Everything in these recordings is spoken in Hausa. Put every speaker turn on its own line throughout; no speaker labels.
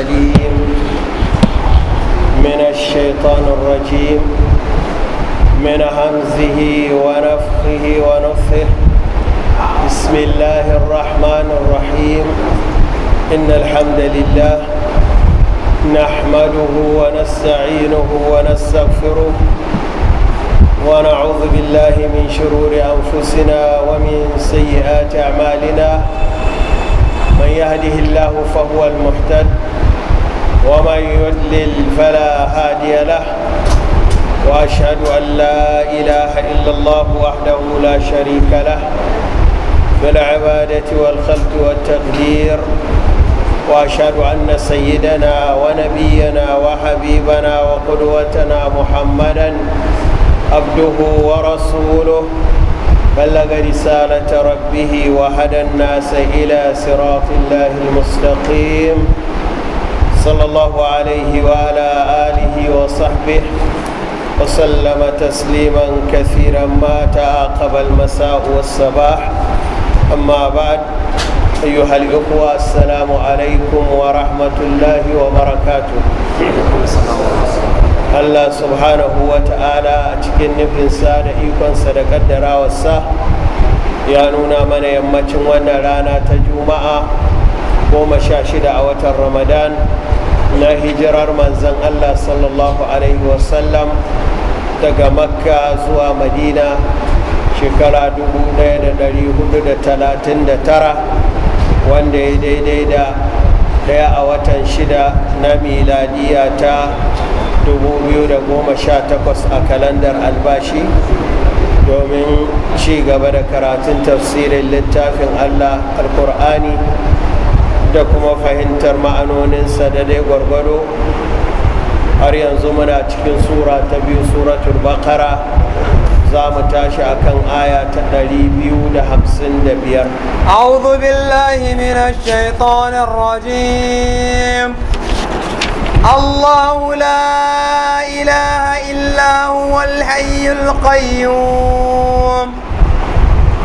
العليم من الشيطان الرجيم من همزه ونفخه ونفخه بسم الله الرحمن الرحيم إن الحمد لله نحمده ونستعينه ونستغفره ونعوذ بالله من شرور أنفسنا ومن سيئات أعمالنا من يهده الله فهو المحتد ومن يضلل فلا هادي له واشهد ان لا اله الا الله وحده لا شريك له في العباده والخلق والتقدير واشهد ان سيدنا ونبينا وحبيبنا وقدوتنا محمدا عبده ورسوله بلغ رساله ربه وهدى الناس الى صراط الله المستقيم صلى الله عليه وعلى آله وصحبه وسلم تسليما كثيرا ما تعاقب المساء والصباح أما بعد أيها الأخوة السلام عليكم ورحمة الله وبركاته Allah subhanahu wa ta'ala a cikin nufinsa da ikonsa da kaddarawarsa ya nuna mana yammacin wannan rana ta juma'a goma sha shida a watan ramadan na hijirar manzan allah sallallahu alaihi wasallam daga makka zuwa madina shekara 1439 wanda ya daidai da daya a watan shida na miladiya ta 2018 a kalandar albashi domin ci gaba da karatun tafsirin littafin allah alkur'ani da kuma fahimtar ma'anoninsa da dai gwargwado har yanzu muna cikin sura ta biyu suratul bakara za mu tashi akan aya ta 255 a'udhu billahi minash shaitanir rajim Allahu la ilaha illa هو الحي القيوم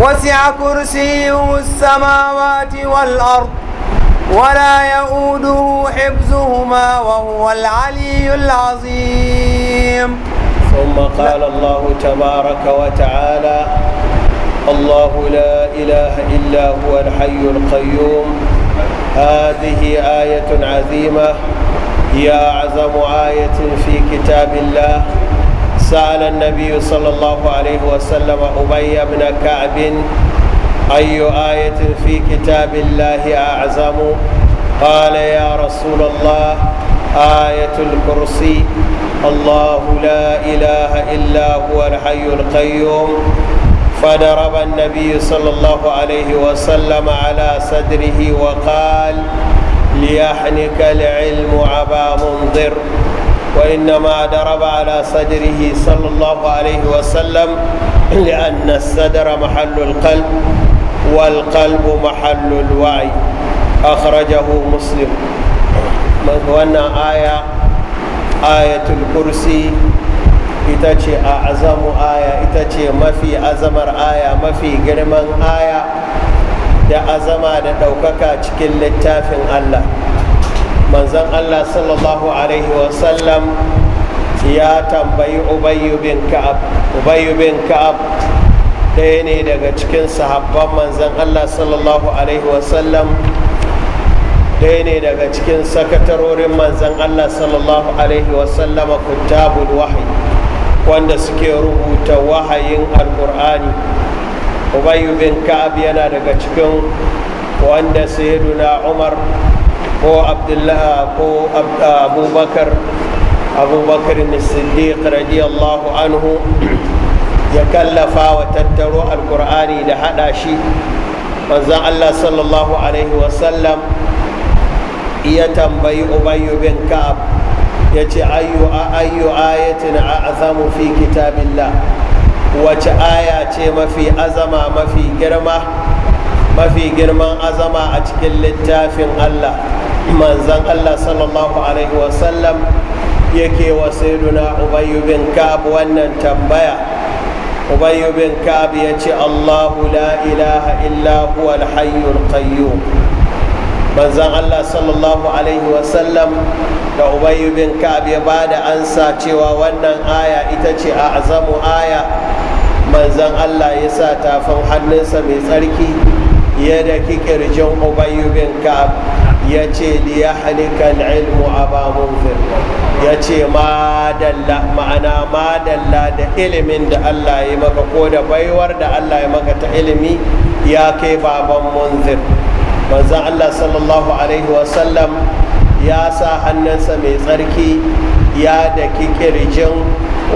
وسع كرسيه السماوات والأرض ولا يؤوده حفظهما وهو العلي العظيم ثم قال الله تبارك وتعالى الله لا إله إلا هو الحي القيوم هذه آية عظيمة هي أعظم آية في كتاب الله سأل النبي صلى الله عليه وسلم أبي بن كعب أي آية في كتاب الله أعظم قال يا رسول الله آية الكرسي الله لا إله إلا هو الحي القيوم فضرب النبي صلى الله عليه وسلم على صدره وقال ليحنك العلم عبا منظر وإنما ضرب على صدره صلى الله عليه وسلم لأن الصدر محل القلب والقلب محل الوعي أخرجه مسلم وأن آية آية الكرسي ita ce a azamu aya ita ce mafi azamar aya mafi girman aya da azama da ɗaukaka cikin littafin allah manzan allah sallallahu alaihi wasallam ya tambayi ubayyu bin ka'ab ubayyu bin ka'ab ɗaya ne daga cikin sahabban manzan allah sallallahu alaihi wasallam ɗaya ne daga cikin sakatarorin manzan allah sallallahu alaihi wasallama kuntabul wahayi wanda suke rubuta wahayin alkur'ani ubayyu bin ka'ab yana daga cikin wanda sayyiduna umar ko Abdullahi, ko uh, abubakar abubakar siddiq radiyallahu anhu ya kallafa wa tattaro alkur'ani da hada shi manzan allah sallallahu alaihi wasallam ya tambayi ubayyu bin ka'ab ya ce ayyu ayatin a azamu fi kitabillah wace aya ce mafi azama mafi girma mafi girman azama a cikin littafin Allah manzan allah sallallahu alaihi wasallam yake wa sayyiduna ubayyu bin ka'ab wannan tambaya ubayyu bin ka'ab ya ce allahu la ilaha illa huwa alhayyul qayyum manzan allah sallallahu alaihi wasallam da ubayyu bin ka'ab ya ba da ansa cewa wannan aya ita ce a azamu aya manzan allah ya sa tafin hannunsa mai tsarki ya da kirjin ubayyu bin ka'ab ya ce liya halikal ilmu munzir ya ce ma'ana madalla da ilimin da allah ya maka ko da baiwar da allah ya maka ta ilimi ya kai baban munzir manzan allah sallallahu alaihi wasallam ya sa hannunsa mai tsarki ya da kirjin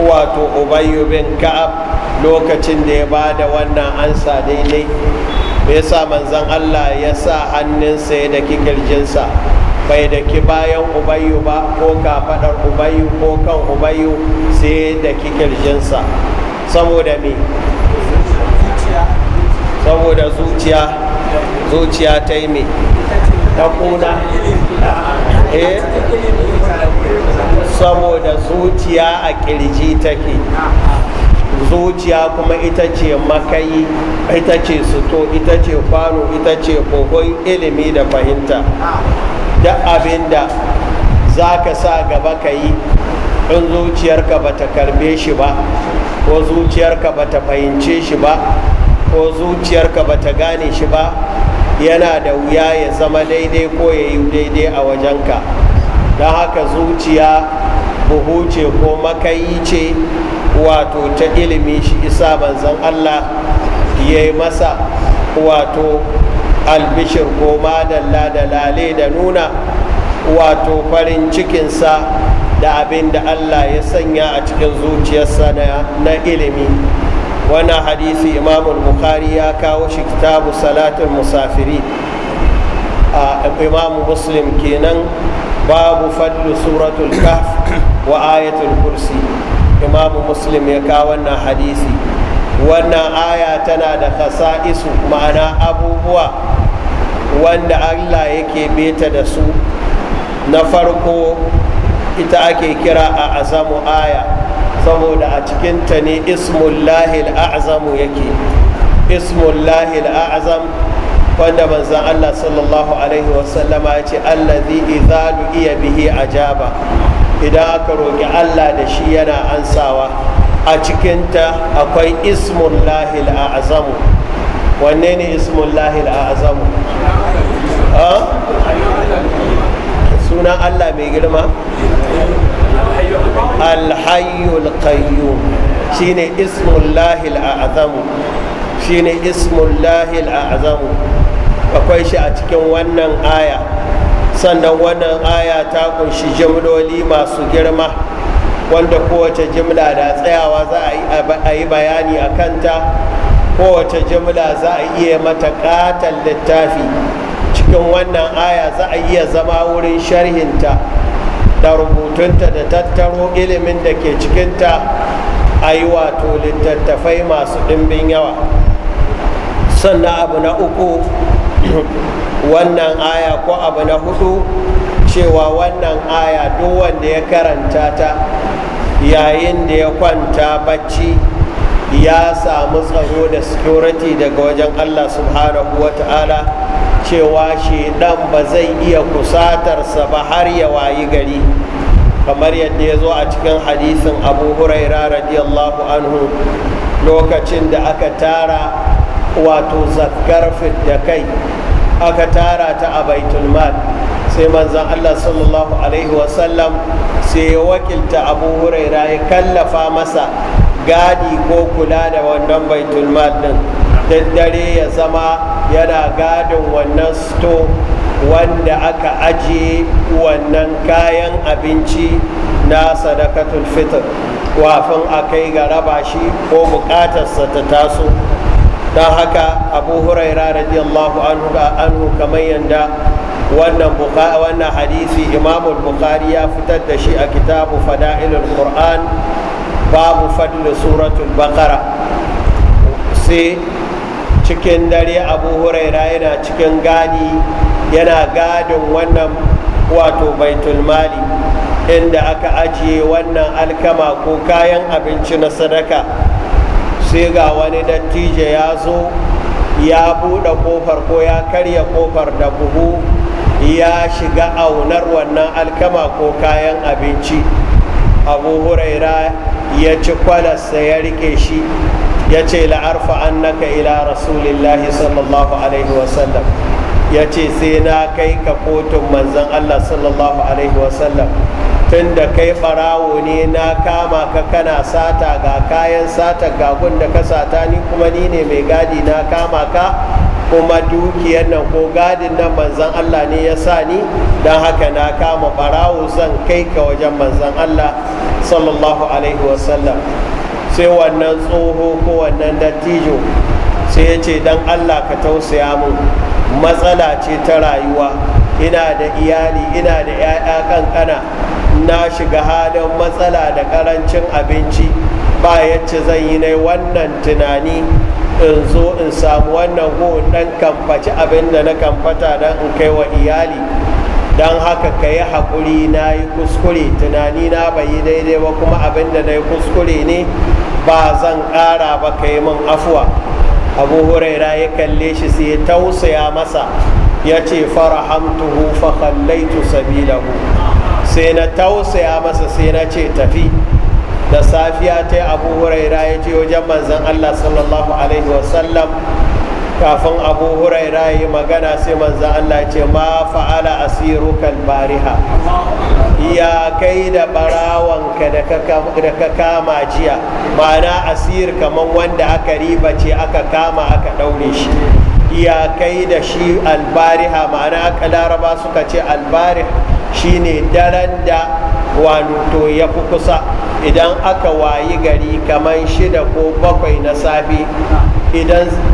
wato ubayyu bin ka'ab lokacin da ya ba da wannan ansa daidai me yasa manzan Allah ya sa hannunsa ya daki kirjinsa bai daki bayan ubayu ba ko kafadar ubayu ko kan ubayu sai ya daki kirjinsa saboda me saboda zuciya zuciya ta yi me ta kuna eh? saboda zuciya a kirji take zuciya kuma ita ce makayi ita ce suto ita ce kwano ita ce kogon ilimi da fahimta da abin da za ka sa gaba ka yi in zuciyarka ba ta karbe shi ba ko zuciyarka ba ta fahimce shi ba ko zuciyarka ba ta gane shi ba yana da wuya ya zama daidai ko ya yi daidai a wajenka don haka zuciya buhu ce ko makayi ce wato ta ilimi shi isa manzan allah ya yi masa wato albishir ko madalla da lale da nuna wato farin cikinsa da abin da allah ya sanya a cikin zuciyarsa na ilimi wannan hadisi imamul bukhari ya kawo shi kitabu salatin musafiri a imamu muslim kenan babu fadlu suratul kaf wa ayatul kursi imamu muslim ya kawo wannan hadisi wannan aya tana da kasa'isu ma'ana abubuwa wanda allah yake beta da su na farko ita ake kira a azamu aya saboda a cikinta ne ismullahi al'azamu yake ismullahi al'azam wanda manzan allah sallallahu alaihi wasallama ya ce allazi iya du'iya bihi ajaba idan aka roƙi allah da shi yana ansawa a cikinta akwai ismullahi al'azamu wanne ne ismullahi al'azamu sunan allah mai girma alhayyul qayyum shine ismullahi al'azamu shine ismullahi al'azamu akwai shi a cikin wannan aya sannan wannan aya ta kunshi jimloli masu girma wanda kowace jimla da tsayawa za a yi bayani a kanta kowace jimla za a iya mata katon littafi cikin wannan aya za a iya zama wurin sharhinta da rubutunta da tattaro ilimin da ke cikinta a yi wato littattafai masu ɗimbin yawa sannan abu na uku wannan aya ko abu na hudu cewa wannan aya duk wanda ya karanta ta yayin da ya kwanta bacci ya samu tsaro da security daga wajen allah subhanahu wa ta'ala cewa shedan ba zai iya kusatarsa ba har ya wayi gari kamar yadda ya zo a cikin hadisin abu huraira radiyallahu anhu lokacin da aka tara wato zakar da kai aka tara ta a baitulmal sai manzan allah sallallahu alaihi wasallam sai ya wakilta abu huraira ya kallafa masa gadi ko kula da wannan baitulmal din daddare ya zama yana gadin wannan sto wanda aka ajiye wannan kayan abinci na sadakatul fitr wafin a kai ga raba shi ko bukatarsa ta taso don haka abu huraira radiyallahu anhu kamar yanda wannan hadisi imamul bukhari ya fitar da shi a kitabu fada'ilul qur'an babu fadlu suratul baqara sai cikin dare abu huraira yana cikin gadi yana gadin wannan wato baitul mali inda aka ajiye wannan alkama ko kayan abinci na sadaka sai ga wani dattijo ya zo ya buɗe ƙofar ko ya karya ƙofar da buhu ya shiga aunar wannan alkama ko kayan abinci abu huraira ya ci kwalasta ya rike shi ya ce la'arfa annaka ila rasulillahi sallallahu alaihi wasallam ya ce sai na kai ka kotun manzan allah sallallahu alaihi wasallam tun da kai barawo ne na kama ka kana sata ga kayan sata gagun da ka sata ni kuma ni ne mai gadi na kama ka kuma dukiyar nan ko gadin nan manzan Allah ne ya sa ni don haka na kama barawo zan kai ka wajen manzan Allah sallallahu alaihi wasallam sai wannan tsoho ko wannan dattijo sai ya ce don Allah ka tausaya mun matsala ce ta rayuwa ina da iyali ina da 'ya'ya kankana na shiga halin matsala da karancin abinci ba yacce zan yi na wannan tunani in zo in samu wannan gowon dan kamfaci abin da na kamfata don in kai wa iyali don haka ka yi haƙuri na yi kuskure tunani na bai yi daidai ba kuma abin da na yi kuskure ne ba zan ƙara ba ka yi min afuwa abu huraira ya kalle shi sai tausaya masa ya ce farahamtuhu fa kallaitu sabilahu sai na tausaya masa sai na ce tafi da safiya ta abu huraira ya ce wajen manzan allah sallallahu alaihi wasallam kafin abu huraira yi magana sai manzan allah ce ma fa'ala kan bariha ya kai da barawanka da ka kama jiya ma'ana asir kamar wanda aka riba ce aka kama aka daure shi ya kai da shi albariha ma'ana aka laraba suka ce albariha shine daren da wanuto ya fi kusa idan aka wayi gari kamar shida ko bakwai na safe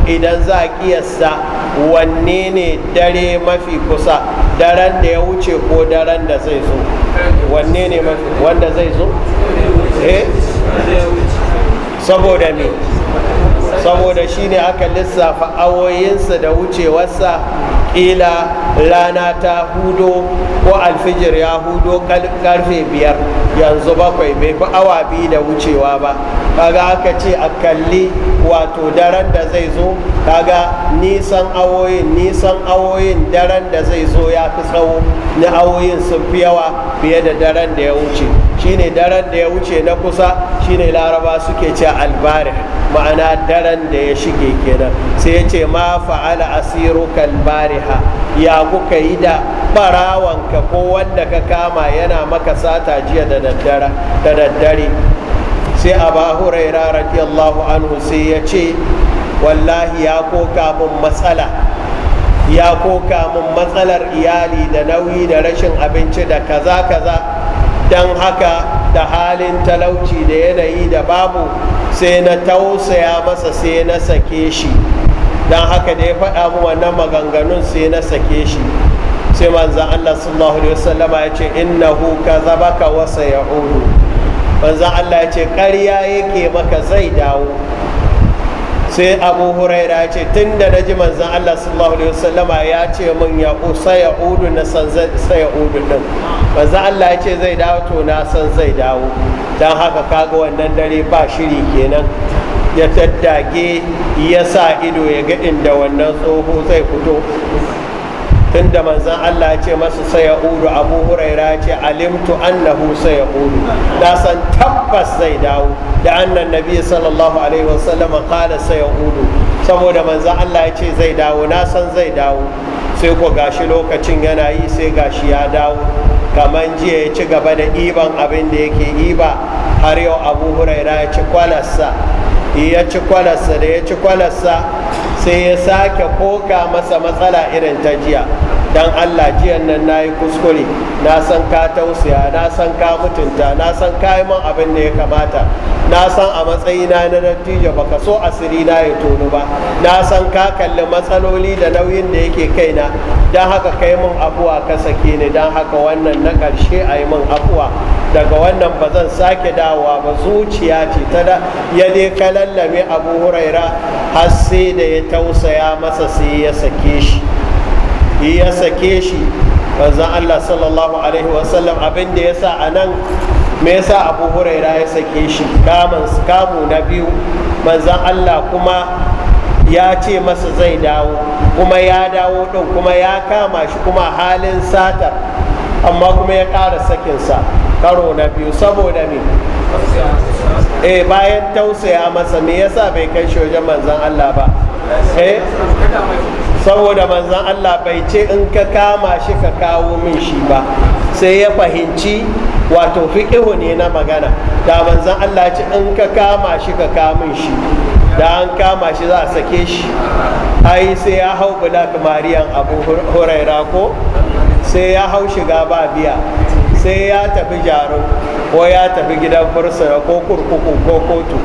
idan za a kiyasta wanne ne dare mafi kusa daren da ya wuce ko daren da zai zo wanne ne mafi wanda zai zo eh saboda me saboda shine aka lissafa awoyinsa da wucewarsa ila rana ta hudu ko alfijir ya hudo karfe biyar yanzu bakwai bai fi awa biyu da wucewa ba kaga aka ce a kalli wato daren da zai zo kaga nisan awoyin nisan awoyin daren da zai zo ya fi tsawo na awoyin sun fi yawa fiye da daren da ya wuce shine daren da ya wuce na kusa shine laraba suke ce albari ma'ana daren da ya shige kenan sai ya ce ma fa'ala asiru kalbari alaiha ya kuka yi da barawanka ko wanda ka kama yana maka sata jiya da daddare sai aba huraira radiyallahu anhu sai ya ce wallahi ya koka min matsala ya koka min matsalar iyali da nauyi da rashin abinci da kaza kaza don haka da halin talauci da yanayi da babu sai na tausaya masa sai na sake shi don haka da ya faɗa mu wannan maganganun sai na sake shi sai manzan Allah sallallahu alaihi wasallam ya ce innahu kazabaka wa sayaudu manzan Allah ya ce ƙarya yake maka zai dawo sai abu huraira ya ce tun da na ji manzan Allah sallallahu alaihi wasallam ya ce min ya sayaudu na san sayaudu din manzan Allah ya ce zai dawo to na san zai dawo don haka kaga wannan dare ba shiri kenan ya tattage ya sa ido ya ga inda wannan tsoho zai fito tun da manzan Allah ce masu saya uru abu huraira ce alimtu annahu saya uru na san tabbas zai dawo da annan nabi sallallahu alaihi wasallam kala saya uru saboda manzan Allah ya ce zai dawo na san zai dawo sai ko gashi lokacin yana yi sai gashi ya dawo kamar jiya ya ci gaba da iban abin da yake iba har yau abu huraira ya ci ya ci kwalarsa da ya ci kwalarsa sai ya sake koka masa matsala irin ta jiya dan allah jiyan nan na yi kuskure na san ka tausaya na san ka mutunta na san ka yi man abin da ya kamata na san a matsayina na dattijo baka so asiri na ya tonu ba na san ka kalli matsaloli da nauyin da yake kaina don haka kai min abuwa ka sake ni don haka wannan na karshe a yi min abuwa daga wannan ba zan sake dawowa ba zuciya ce ta da ya dai kalallame abu huraira har sai da ya tausaya masa sai ya sake shi ya sake shi wanzan Allah sallallahu alaihi wasallam abinda da ya sa a nan me yasa abu huraira ya sake shi kamu na biyu manzon Allah kuma ya ce masa zai dawo kuma ya dawo ɗin kuma ya kama shi kuma halin sata amma kuma ya ƙara sakinsa karo na biyu saboda me eh bayan tausaya masa me yasa bai kai shi wajen manzon Allah ba eh? saboda manzan allah bai ce in ka kama shi ka kawo min shi ba sai ya fahimci wato fiƙihu ne na magana da manzan allah ce in ka kama shi ka kawo min shi da an kama shi za a sake shi ai sai ya hau black mariyan abu huraira ko sai ya hau shiga ba biya sai ya tafi jarum ko ya tafi gidan fursa ko kurkuku ko kotu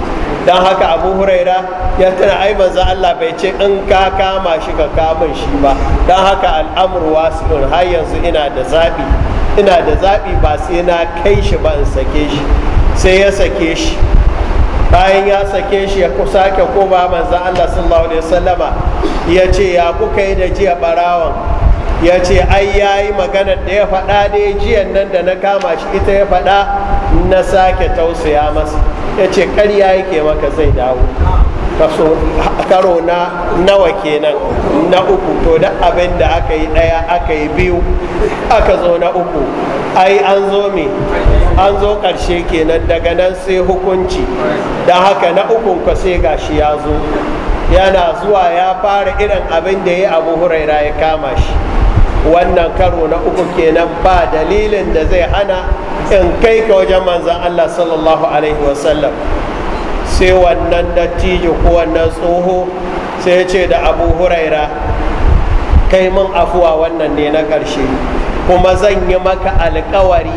don haka abu huraira ya tana ai manzo Allah bai ce in ka kama shi ka kama shi ba don haka al'amur wasilun har yanzu ina da zaɓi ina da zaɓi ba sai na kai shi ba in sake shi sai ya sake shi bayan ya sake shi ya sake ko ba manzo Allah sallallahu alaihi wasallama ya ce ya kuka yi da jiya barawan ya ce ai yayi magana da ya faɗa da jiyan nan da na kama shi ita ya faɗa na sake tausaya masa ya ce ƙarya yake maka zai dawo kaso karo na nawa kenan na uku to da abin da aka yi ɗaya aka yi biyu aka zo na uku ai an zo me an zo ƙarshe kenan daga nan sai hukunci da haka na ukun ka sai gashi ya zo yana zuwa ya fara irin abin da ya abu huraira ya kama shi wannan karo na uku kenan ba dalilin da zai hana in kai ka wajen manzan Allah sallallahu alaihi wasallam sai wannan dattijo ko wannan tsoho sai ya ce da abu huraira kai mun afuwa wannan ne na ƙarshe kuma zan yi maka alkawari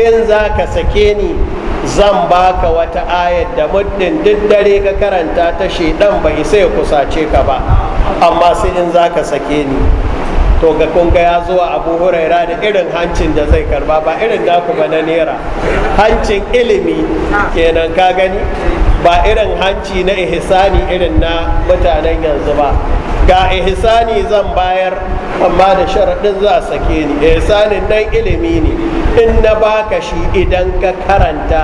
in za ka sake ni zan baka wata ayar da muddin duk dare ka karanta ta shaidan bai ya kusace ka ba amma sai in za ka sake ni to ga kunga ya zuwa abu huraira da irin hancin da zai karba ba irin naku ba na nera hancin ilimi kenan ka gani ba irin hanci na ihsani irin na mutanen yanzu ba ga ihsani zan bayar amma da sharaɗin za a sake ni ihsanin dan ilimi ne in na baka shi idan ka karanta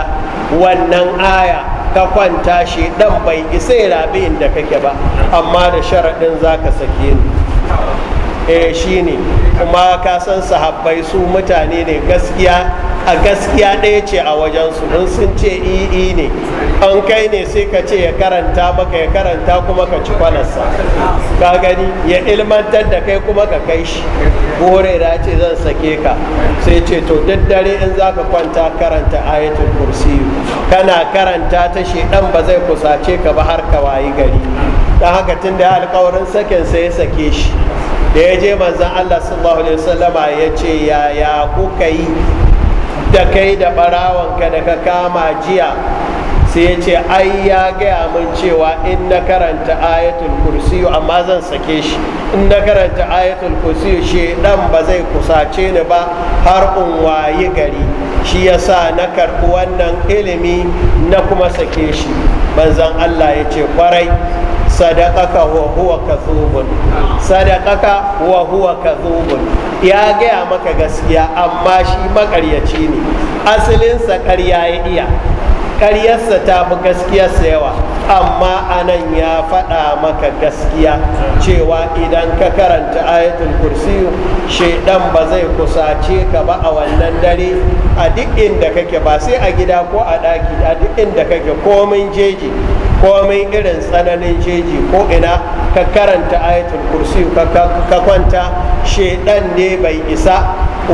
wannan aya ka kwanta shi dan bai isa rabe da kake ba amma da sharaɗin za ka sake ni eh ne kuma ka san sahabbai su mutane ne gaskiya a gaskiya ɗaya ce a wajen su in sun ce i'i ne an kai ne sai ka ce ya karanta maka ya karanta kuma ka ci kwanarsa ka gani ya ilmantar da kai kuma ka kai shi bore da ce zan sake ka sai ce to daddare in za ka kwanta karanta ayatul kursi kana karanta ta shi dan ba zai kusace ka ba har ka wayi gari don haka tun da alkawarin sakin sai ya sake shi da ya je manzan Allah sallallahu alaihi wasallama ya ce yaya kuka yi da kai da barawanka da ka kama jiya sai ya ce ai ya gaya mun cewa in na karanta ayatul kursiyu amma zan sake shi in na karanta ayatul kursi shi dan ba zai kusace ni ba har in wayi gari shi ya sa na karɓi wannan ilimi na kuma sake shi manzan Allah ya ce kwarai sadaqaka wa huwa kadhubun sadaqaka wa huwa kadhubun ya gaya maka gaskiya amma shi makaryaci ne asalinsa karya ya iya karyarsa ta fi gaskiyarsa yawa amma anan ya faɗa maka gaskiya cewa idan ka karanta ayatul kursiyu shaidan ba zai kusace ka ba a wannan dare a duk inda kake ba sai a gida ko a ɗaki a duk inda kake komin jeji komai irin tsananin jeji ko ina ka karanta ayatul kursi ka kwanta shaidan ne bai isa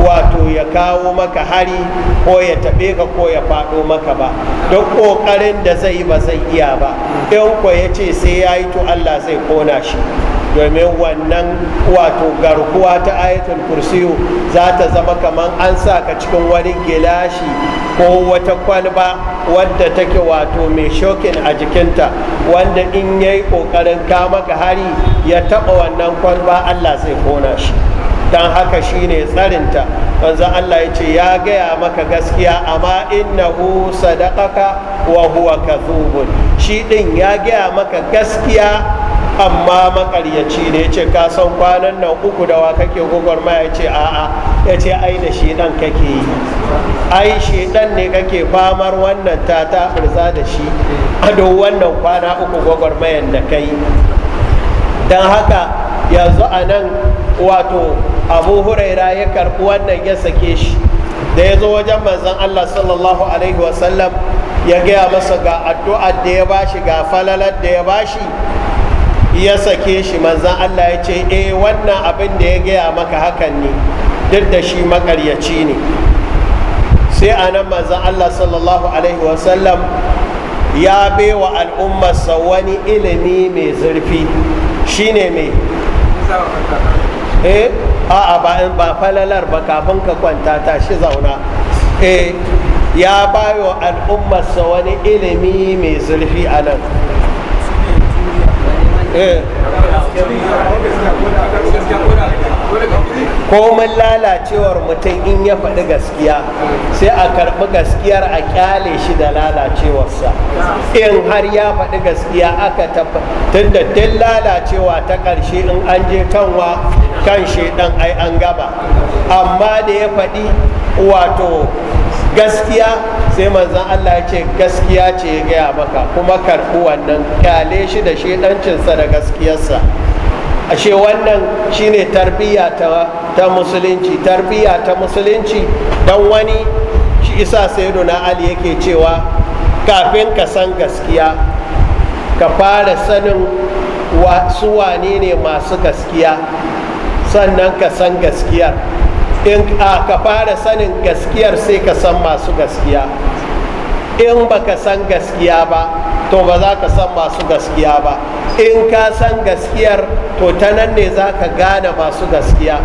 wato ya kawo maka hari ko ya taɓe ka ko ya faɗo maka ba duk ƙoƙarin da zai ba zai iya ba in ko ya ce sai ya yi to allah zai kona shi domin wannan wato garkuwa ta ayatul kursiyu za ta zama kamar an sa ka cikin wani gilashi ko wata kwalba wadda take wato mai shokin a jikinta wanda in ya yi ƙoƙarin kama ga hari ya taɓa wannan kwalba allah zai kona shi don haka shi ne tsarinta wanzan Allah ya ce ya gaya maka gaskiya amma innahu sadaqaka wa huwa kathubun, shi ɗin ya gaya maka gaskiya amma makaryaci ne ya ce ka kwanan nan uku da wa kake gugurma ya ce a'a ya ce ai da shidan kake yi ai shidan ne kake famar wannan ta ta da shi a wannan kwana uku gwagwarmayan da kai don haka yanzu a nan wato abu huraira ya karɓi wannan ya sake shi da ya zo wajen manzan allah sallallahu alaihi wasallam ya gaya masa ga addu'ar da ya bashi ga falalar da ya bashi ya sake shi manzan Allah ya ce eh wannan abin da ya gaya maka hakan ne duk da shi makaryaci ne sai a nan manzan Allah sallallahu alaihi wasallam ya baiwa al'ummarsa wani ilimi mai zurfi shine mai eh a'a ba falalar ba kafin ka kwanta ta shi zauna eh ya bayo al'ummarsa wani ilimi mai zurfi a nan komai lalacewar mutum in ya faɗi gaskiya sai a karɓi gaskiyar a ƙyale shi da lalacewarsa in har ya faɗi gaskiya aka tun tunda tun lalacewa ta ƙarshe in an je kanwa kan shaidan ai an gaba amma da ya faɗi wato gaskiya sai manzan Allah ya ce gaskiya ce ya gaya maka kuma karɓi wannan kyale shi da shedancinsa da gaskiyarsa ashe wannan shine tarbiyya ta, ta musulunci tarbiyya ta musulunci don wani shi isa sayyiduna ali yake cewa kafin ka san gaskiya ka fara sanin su wane ne masu gaskiya sannan ka san gaskiyar in ka fara sanin gaskiyar sai ka san masu gaskiya in baka san gaskiya ba to ba za ka san masu gaskiya ba in ka san gaskiyar to ta nan ne za ka gane masu gaskiya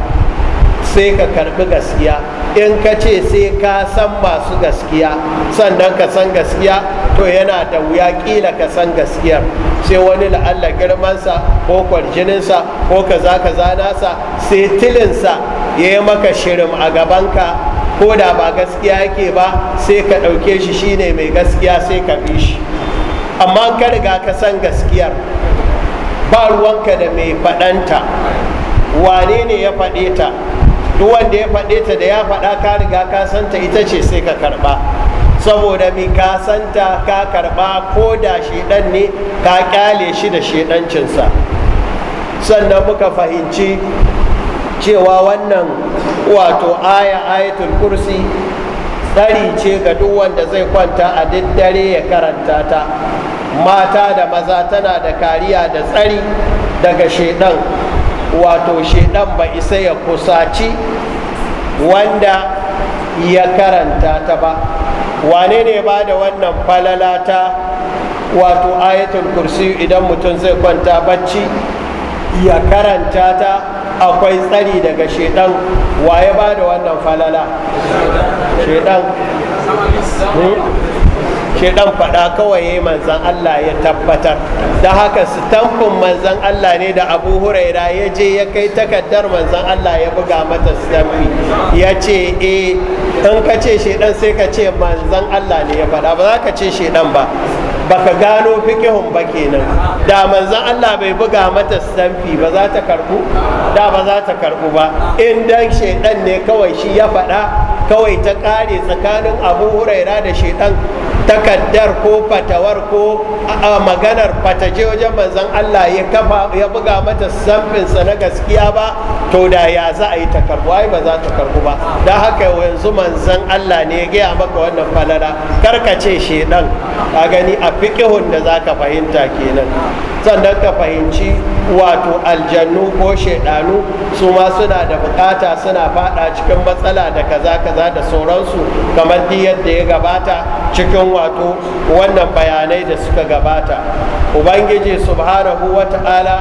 sai ka karbi gaskiya in ka ce sai ka san masu gaskiya sannan ka san gaskiya to yana da wuya kila ka san gaskiyar sai wani la'alla girmansa ko kwarjininsa ko kaza kaza nasa sai tilinsa ya yi maka shirin a gabanka ko da ba gaskiya yake ba sai ka ɗauke shi shine mai gaskiya sai ka bi shi amma ka riga ka san gaskiyar ba ruwanka da mai faɗanta wane ne ya faɗe ta duk wanda ya faɗe ta da ya faɗa ka riga ka santa ita ce sai ka karɓa saboda mai ka santa ka karɓa ko da ɗan ne ka ƙyale shi da ɗancinsa sannan muka fahimci cewa wannan wato aya ayatul kursi tsari ce ga duk wanda zai kwanta a daddare ya karanta ta mata da maza tana da kariya da tsari daga shedan wato shedan ba isa ya kusaci wanda ya karanta ta ba wane ne ba da wannan falala ta wato ayatul kursi idan mutum zai kwanta bacci ya karanta ta akwai tsari daga shedan waye ba da wannan falala shedan hmm? shedan faɗa kawai manzan Allah ya tabbatar da haka sitamfin manzan Allah ne da abu huraira ya je ya kai takardar manzan Allah ya buga mata sitamfi ya ce e in ka ce shedan sai ka ce manzan Allah ne ya faɗa ba za ka ce shedan ba baka gano fikihun ba kenan da manzan Allah bai buga mata stamfi ba za ta karbu da ba za ta karbu ba in dan shaidan ne kawai shi ya faɗa kawai ta kare tsakanin abu huraira da shaidan takaddar ko fatawar ko a maganar fatace wajen manzan Allah ya kafa ya buga mata samfinsa na gaskiya ba to da ya za a yi takarbu ai ba za ta karbu ba don haka yanzu manzan Allah ne ya gaya maka wannan falala karkace dan a gani a fiƙihun da za ka fahimta kenan sannan ka fahimci wato aljannu ko shaidanu su ma suna da bukata suna fada cikin matsala da kaza kaza da sauransu kamar yadda ya gabata cikin wato wannan bayanai da suka gabata ubangiji subhanahu wa ta'ala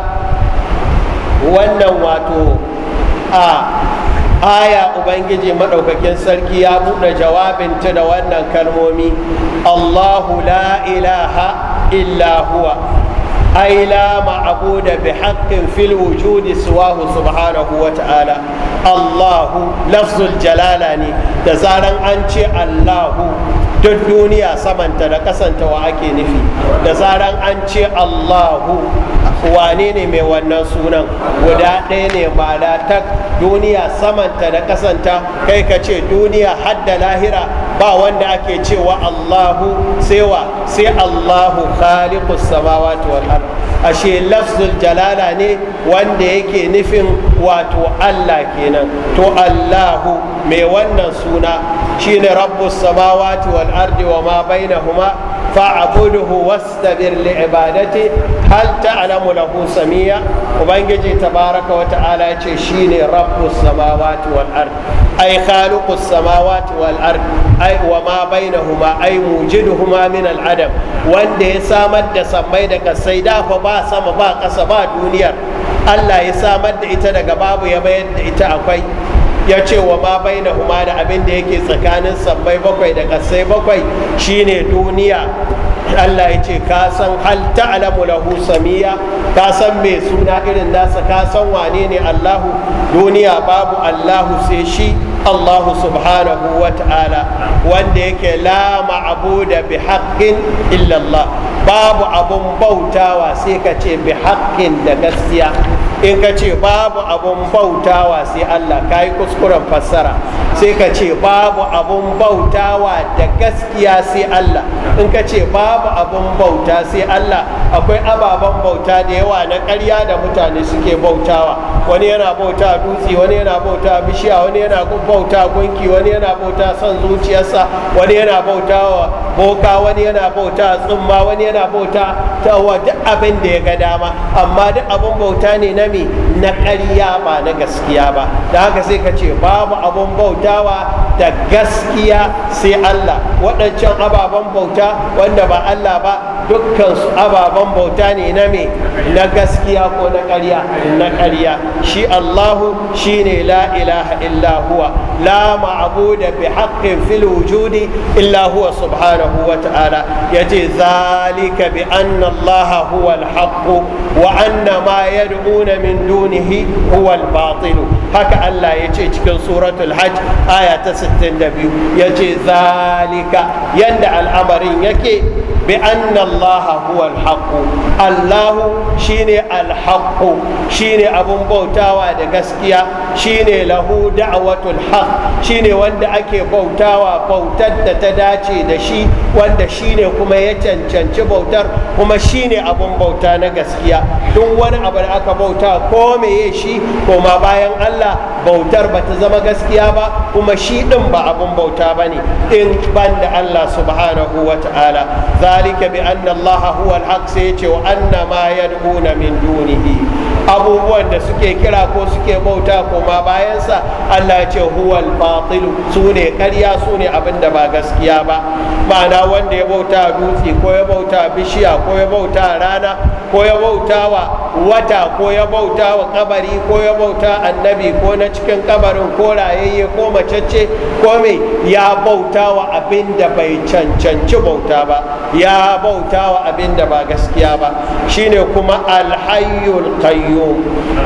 wannan wato a aya ubangiji maɗaukakin sarki ya buɗe jawabinta da wannan kalmomi allahu la ilaha illa huwa ai la da bi haƙƙin fil wujudi siwahu subhanahu wa ta'ala allahu lafzul jalala ne da zaran an ce allahu duk duniya samanta da kasanta wa ake nufi da zaran an ce allahu wane ne mai wannan sunan guda ɗaya ne ma'ana ta duniya samanta da kasanta kai ka ce duniya hadda lahira ba wanda ake cewa Allahu sewa sai Allahu khaliqus samawati wal ard ashe lafzul jalala ne wanda yake nufin wato Allah kenan to Allahu mai wannan suna shine rabbus samawati wal ardi wa ma bainahuma fa'buduhu wastabir li'ibadati hal ta'lamu lahu samia ubangiji ta baraka wata'ala ce shine rabbus samawati wal ard ay khaliqus samawati wal ard ay wa ma bainahuma ay mujiduhuma min al adam wanda ya samar da sammai daga kasai da fa ba sama ba ƙasa ba duniyar Allah ya samar da ita daga babu ya bayar da ita akwai ya ce wa ma bai na huma da abin da yake tsakanin sabbai bakwai da kasai bakwai shine duniya Allah ya ce ka san hal alamu lahu samiya ka san mai suna irin nasa ka san wane ne Allahu duniya babu Allahu sai shi Allahu subhanahu wa ta'ala wanda yake la abuda bi haqqin illa babu abun bautawa sai ce bi da gaskiya in ka ce babu abun bautawa sai Allah ka yi kuskuren fassara sai ka ce babu abun bautawa da gaskiya sai Allah in ka ce babu abun bauta sai Allah akwai ababen bauta da yawa na karya da mutane suke bautawa wani yana bauta dutse wani yana bauta bishiya wani yana bauta gunki wani yana bauta son zuciyarsa wani yana bauta wa boka wani yana bauta tsumma wani yana bauta ta duk abin da ya ga dama amma duk abun bauta ne na na na ƙarya ba na gaskiya ba da haka sai ka ce babu abun bautawa da gaskiya sai Allah waɗancan ababen bauta wanda ba Allah ba dukkansu ababen bauta ne na me na gaskiya ko na ƙarya na ƙarya shi Allahu shine la ilaha illa huwa la ma'buda bi haqqin fil wujudi illa huwa subhanahu wa ta'ala yace zalika bi annallaha Allah huwa al wa annama ma min dunihi huwa al-batil haka Allah ya ce cikin suratul hajj aya ta 62 ya ce zalika yanda al'amarin yake bi anna Allah huwa al-haqq Allah shine al-haqq shine abun bautawa da gaskiya shine lahu da'watul haqq shine wanda ake bautawa bautar da ta dace da shi wanda shine kuma ya cancanci bautar kuma shine abun bauta na gaskiya duk wani abu da aka bauta bauta ko ya shi ko bayan Allah bautar ba ta zama gaskiya ba kuma shi din ba abun bauta ba ne in ban da Allah subhanahu wa ta'ala zalika bi anna Allah huwa al-haq sai yace wa anna ma yad'una min dunihi abubuwan da suke kira ko suke bauta ko bayansa Allah ce huwal batil su ne ƙarya su ne abin da ba gaskiya ba ma'ana wanda ya bauta dutse ko ya bauta bishiya ko ya bauta rana ko ya bauta wa wata ko ya bauta wa kabari ko ya bauta annabi ko na cikin kabarin ko rayayye ko macece ko mai ya bauta wa abin da bai cancanci bauta ba ya bauta wa abin da ba gaskiya ba shine kuma alhayyul qayyum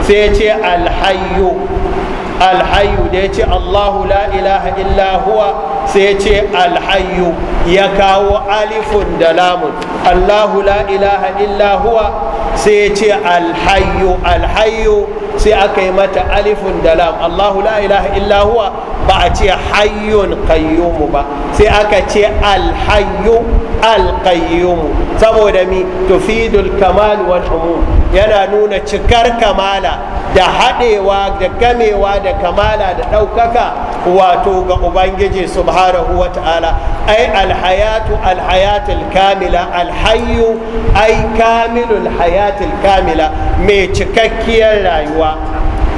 sai ce alhayyu alhayu da ya ce allahu la ilaha illa huwa sai ce alhayu ya kawo alifun da lamun Allahu la ilaha illa huwa sai ya ce alhayu alhayu sai aka yi mata alifun da lam Allahu la ilaha illa huwa ba a ce hayyun qayyumu ba sai aka ce alhayu alqayyumu saboda mi tufidul kamal wal umum yana nuna cikar kamala da haɗewa da gamewa da kamala da ɗaukaka wato ga ubangiji subhanahu wa ta'ala ai alhayatu alhayatul kamila alhayu ai kamilul hayatul kamila mai cikakkiyar rayuwa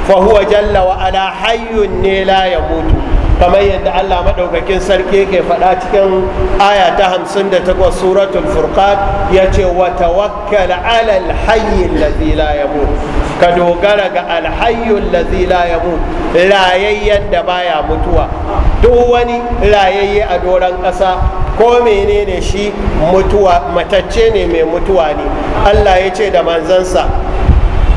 fa huwa jalla wa ala hayyun ne la yamutu kamar yadda Allah maɗaukakin sarki ke faɗa cikin aya ta hamsin da takwas suratul furqan ya ce wa tawakkal ala alhayyin alladhi la mutu. ka dogara ga alhayyul ladzi la mu rayayyen da baya mutuwa duk wani rayayye a doron ƙasa ko menene shi mutuwa matacce ne mai mutuwa ne Allah ya ce da manzansa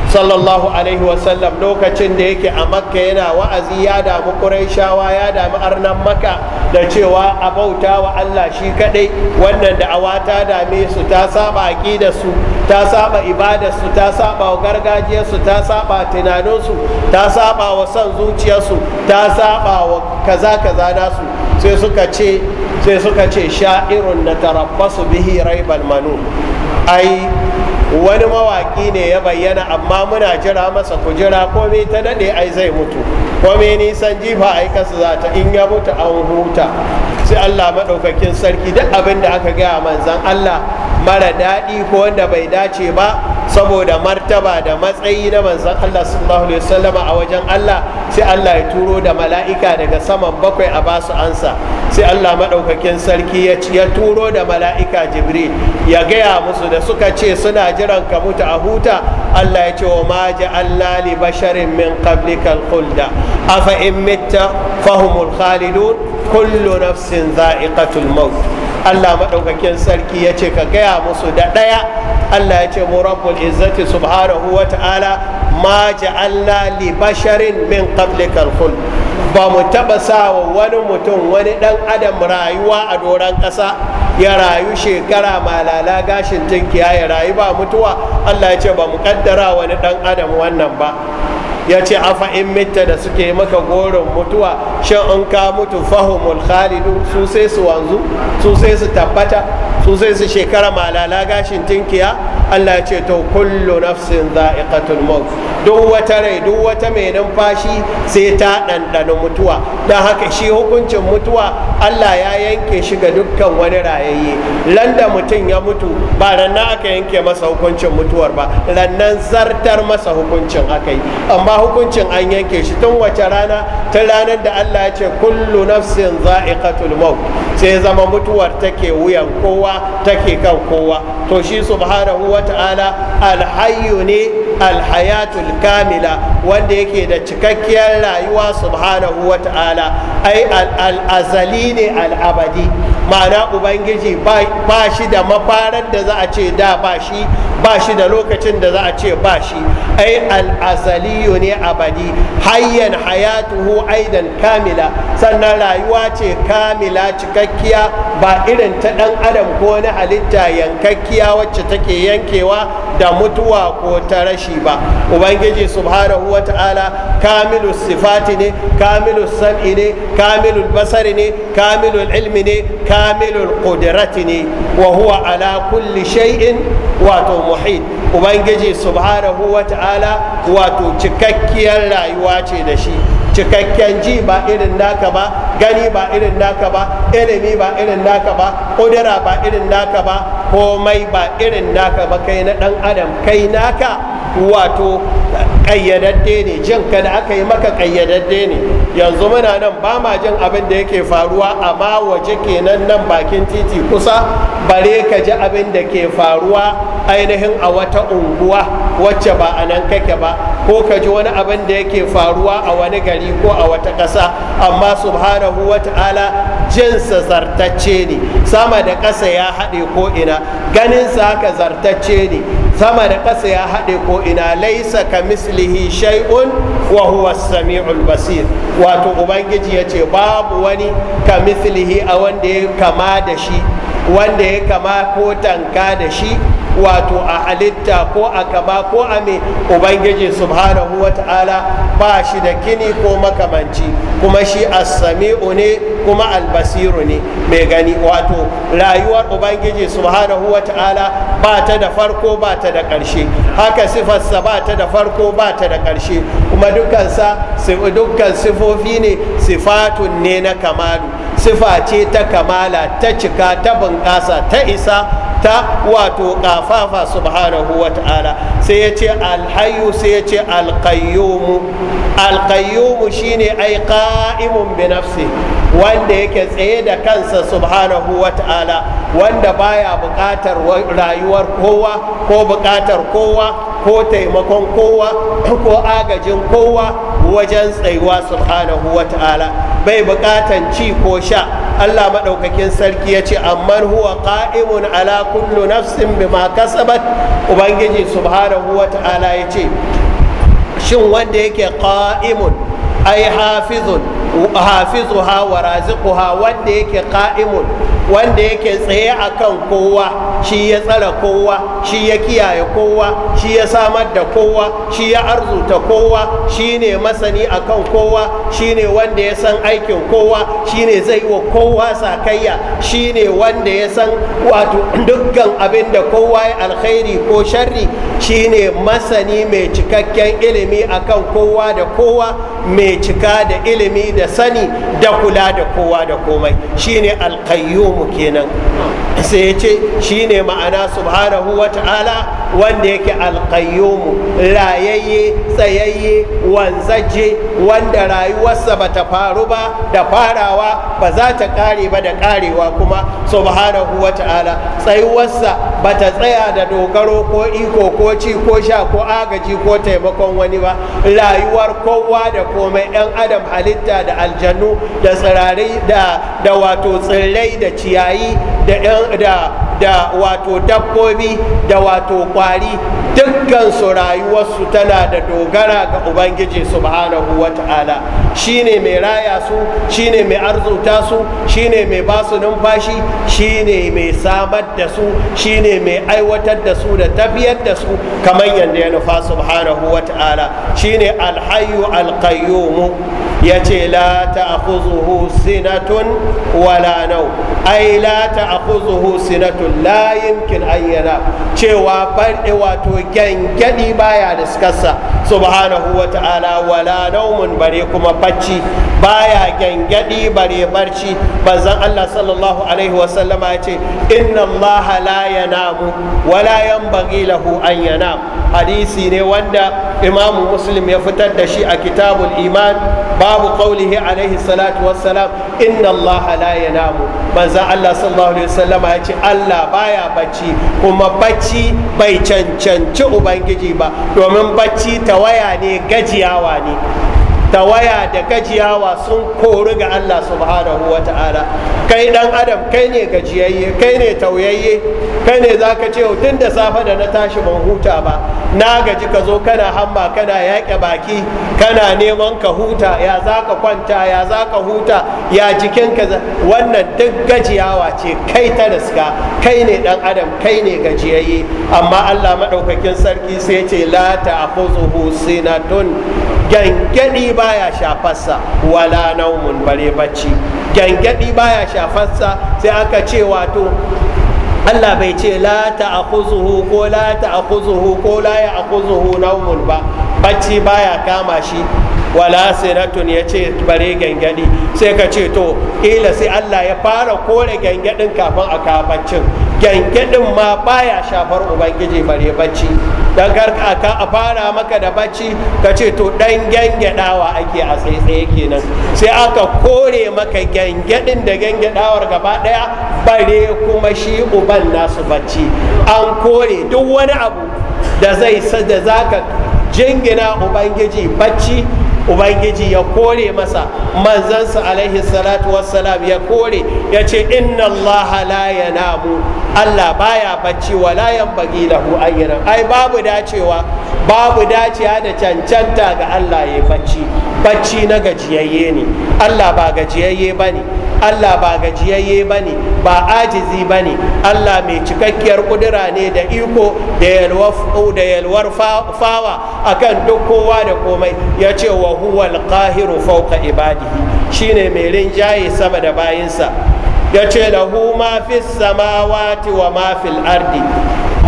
sallallahu alaihi wasallam lokacin da yake a makka yana wa'azi ya damu ƙuraishawa ya damu arnan maka da cewa a bauta wa allah shi kadai wannan awa ta dame su ta saba aƙidarsu ta saba ibadarsu ta saba wa gargajiyarsu ta saba tunaninsu ta saba wa son zuciyarsu ta saba wa kaza kaza nasu sai suka ce sai suka ce sha'irun na tarabbasu bihi raibal manu ai wani mawaƙi ne ya bayyana amma muna jira masa ku komai ta daɗe ai zai mutu komai nisan jifa ai kasu za ta in ya mutu an huta sai allah maɗaukakin sarki duk abin da aka gaya manzan allah mara daɗi ko wanda bai dace ba saboda martaba da matsayi na manzan Allah sallallahu alaihi wasallam a wajen Allah sai Allah ya turo da mala'ika daga saman bakwai a basu ansa sai Allah maɗaukakin sarki ya turo da mala'ika Jibril ya gaya musu da suka ce suna jiran ka mutu a huta Allah ya ce wa ma ja'alna li basharin min qablikal khulda afa in mitta fahumul khalidun kullu nafsin za'iqatul maut Allah maɗaukakin sarki ya ce ka gaya musu da ɗaya Allah ya ce mu rabbul izzati subhanahu wa ta'ala ma ja'alna li basharin min qablikal khuld ba mu taɓa sawa wani mutum wani ɗan adam rayuwa a doron ƙasa ya rayu shekara malala gashin tinkiya ya rayu ba mutuwa Allah ya ce ba mu kaddara wani ɗan adam wannan ba ya ce afa in mitta da suke maka goron mutuwa shan in ka mutu fahimul khalidu su sai su wanzu su sai su tabbata su sai su shekara malala gashin tinkiya Allah ya ce to kullu nafsin za'iqatul maut duk wata rai duk wata mai numfashi sai ta ɗanɗana mutuwa don haka shi hukuncin mutuwa Allah ya yanke shi ga dukkan wani rayayye landa mutum ya mutu ba rannan aka yanke masa hukuncin mutuwar ba rannan zartar masa hukuncin akai. amma hukuncin an yanke shi tun wace rana ta ranar da Allah ya ce kullu nafsin za'iqatul maut sai zama mutuwar take wuyan kowa take kan kowa to shi subhanahu wa ta'ala alhayyu ne alhayatul kamila wanda yake da cikakkiyar rayuwa subhanahu wa ta'ala ai al'azali ne al'abadi ma'ana ubangiji ba shi da mafarar da za a ce da ba shi ba shi da lokacin da za a ce ba shi ai al'asaliyu ne abadi hayyan hayatuhu aidan kamila sannan rayuwa ce kamila cikakkiya ba irin ta dan adam ko na halitta yankakkiya wacce take yankewa da mutuwa ko ta rashi ba ubangiji subhanahu wa ta'ala kamilu sifati ne kamilu sam'i ne kamilu basari ne kamilu ilmi ne kamilul qudrati ne wa huwa ala kulli shay'in wato muhit ubangiji subhanahu wa ta'ala wato cikakkiyar rayuwa ce da shi cikakken ji ba irin naka ba gani ba irin naka ba ilimi ba irin naka ba kudura ba irin naka ba komai ba irin naka ba kai na ɗan adam kai naka wato ƙayyadadde ne jin ka da aka yi maka ƙayyadadde ne yanzu muna nan ba ma jin abin da yake faruwa amma waje kenan nan bakin titi kusa bare ka ji abin da ke faruwa ainihin a wata unguwa wacce ba a nan kake ba ko ka ji wani abin da yake faruwa a wani gari ko a wata ƙasa amma subhanahu wa ta'ala jinsa zartacce ne sama da ƙasa ya haɗe ko ina ganinsa haka zartacce ne sama da ƙasa ya haɗe ko ina laisa ka mislihi shay'un wa huwa sami'ul basir wato ubangiji ya ce babu wani ka mislihi a wanda ya kama da shi wanda ya kama ko tanka da shi wato a halitta ko a kaba ko a me ubangiji subhanahu wa ta'ala ba shi da kini ko makamanci kuma shi a samiu ne kuma albasiru ne mai gani wato rayuwar ubangiji subhanahu wa ta'ala ba ta da farko ba ta da ƙarshe haka sifarsa ba ta da farko ba ta da ƙarshe kuma dukkansa dukkan sifofi ne sifatun ne na kamalu sifa ce ta kamala ta cika ta bunƙasa ta isa ta wato kafafa subhanahu wa ta'ala sai ya ce alhayu sai ya ce alkayyomu shi shine ai ka'imun bi wanda yake tsaye da kansa subhanahu wa ta'ala wanda baya bukatar rayuwar kowa ko bukatar kowa ko taimakon kowa ko agajin kowa wajen tsayuwa subhanahu wa ta'ala bai bukatan ci ko sha Allah maɗaukakin sarki ya ce amman huwa qa'imun ala kullu nafsin bima kasabat ubangiji subhanahu wa ta'ala ya ce shin wanda yake qa'imun ai hafizun hafizuha wa raziquha wanda yake ka'imun wanda yake tsaye akan kowa shi ya tsara kowa shi ya kiyaye kowa shi ya samar da kowa shi ya arzuta kowa shi ne masani akan kowa shi ne wanda ya san aikin kowa shi ne zai wa kowa sakayya shi ne wanda ya san wato dukkan abin kowa ya alkhairi ko sharri Shi ne masani mai cikakken ilimi akan kowa da kowa mai cika da ilimi da sani da kula da kowa da komai Shi shine alkayyomu kenan sai ya ce shi ne ma'ana subhanahu wa ta'ala wanda yake alkayyomu rayayye tsayayye wanzaje wanda rayuwarsa ba ta faru ba da farawa ba za ta kare ba da karewa kuma subhanahu wa ta'ala tsayuwarsa ba ta tsaya da dogaro ko iko ko ci ko sha ko agaji ko taimakon wani ba rayuwar kowa da komai yan adam halitta da aljanu da tsirrai da wato tsirrai da ciyayi da da wato dabbobi da wato kwari dukkansu rayuwarsu tana da dogara ga ubangiji subhanahu wa ta'ala shine mai raya su shine mai arzuta su shine mai basu numfashi shine mai samar da su shine mai aiwatar da su da tafiyar da su kamar yadda ya nufa subhanahu wa ta'ala shine alhayu alkayyomu ya ce la ta'khudhuhu sinatun wala nau ai la ta'khudhuhu sinatun la yumkin ayyana cewa ban wato gyangyaɗi baya da skasa subhanahu wa ta'ala wala naumun bare kuma facci, baya gangadi bare barci bazan Allah sallallahu alaihi wasallama ya ce inna Allah la yanamu wala yanbaghi lahu an yanam hadisi ne wanda imamu muslim ya fitar da shi a kitabul iman babu qaulihi alaihi salatu wassalam inna allaha la yanamu manzo allah sallallahu alaihi wasallam ya ce allah baya bacci kuma bacci bai cancanci ubangiji ba domin bacci tawaya ne gajiyawa ne tawaya da gajiyawa sun kori ga Allah subhanahu wa ta'ala kai dan adam kai ne gajiyayye kai ne tauyayye kai ne za ka ce oh, tun da safe da na tashi ban huta ba na gaji ka zo kana hamma kana yaƙe baki kana neman ka huta ya za ka kwanta ya za ka huta ya jikin ka wannan duk gajiyawa ce kai ta riska kai ne dan adam kai ne gajiyayye amma Allah maɗaukakin sarki sai ce la ta'khudhuhu sinatun gangadi baya shafarsa wala naumun bare bacci gyangyaɗi baya shafarsa sai aka ce wato Allah bai ce la kuzuhu ko la akuzuhu ko la na nawmun ba bacci baya kama shi wala sinatun ya ce bare gangadi sai ka ce to kila sai Allah ya fara kore gangadin kafin a kafancin gangadin ma baya shafar ubangiji bare bacci dan karka a fara maka da bacci ka ce to dan gangadawa ake a tsaye-tsaye kenan sai aka kore maka gangadin da gangadawar gaba daya bare kuma shi uba ran nasu bacci an kore duk wani abu da zai da zaka jingina ubangiji bacci ubangiji ya kore masa manzansa alaihi salatu wassalam ya kore ya ce inna allah la yanamu allah baya bacci wa la bagi lahu ayyana ai babu dacewa babu dacewa da cancanta ga allah ya bacci bacci na gajiyayye ne allah ba gajiyayye bane Allah ba gajiyayye ba ne ba ajizi ba ne Allah mai cikakkiyar kudura ne da iko da yalwar fawa akan duk kowa da komai ya ce wa huwal qahiru ibadihi shine mai rinjaye sama da bayinsa ya ce lahu ma fi samawati wa ma fil ardi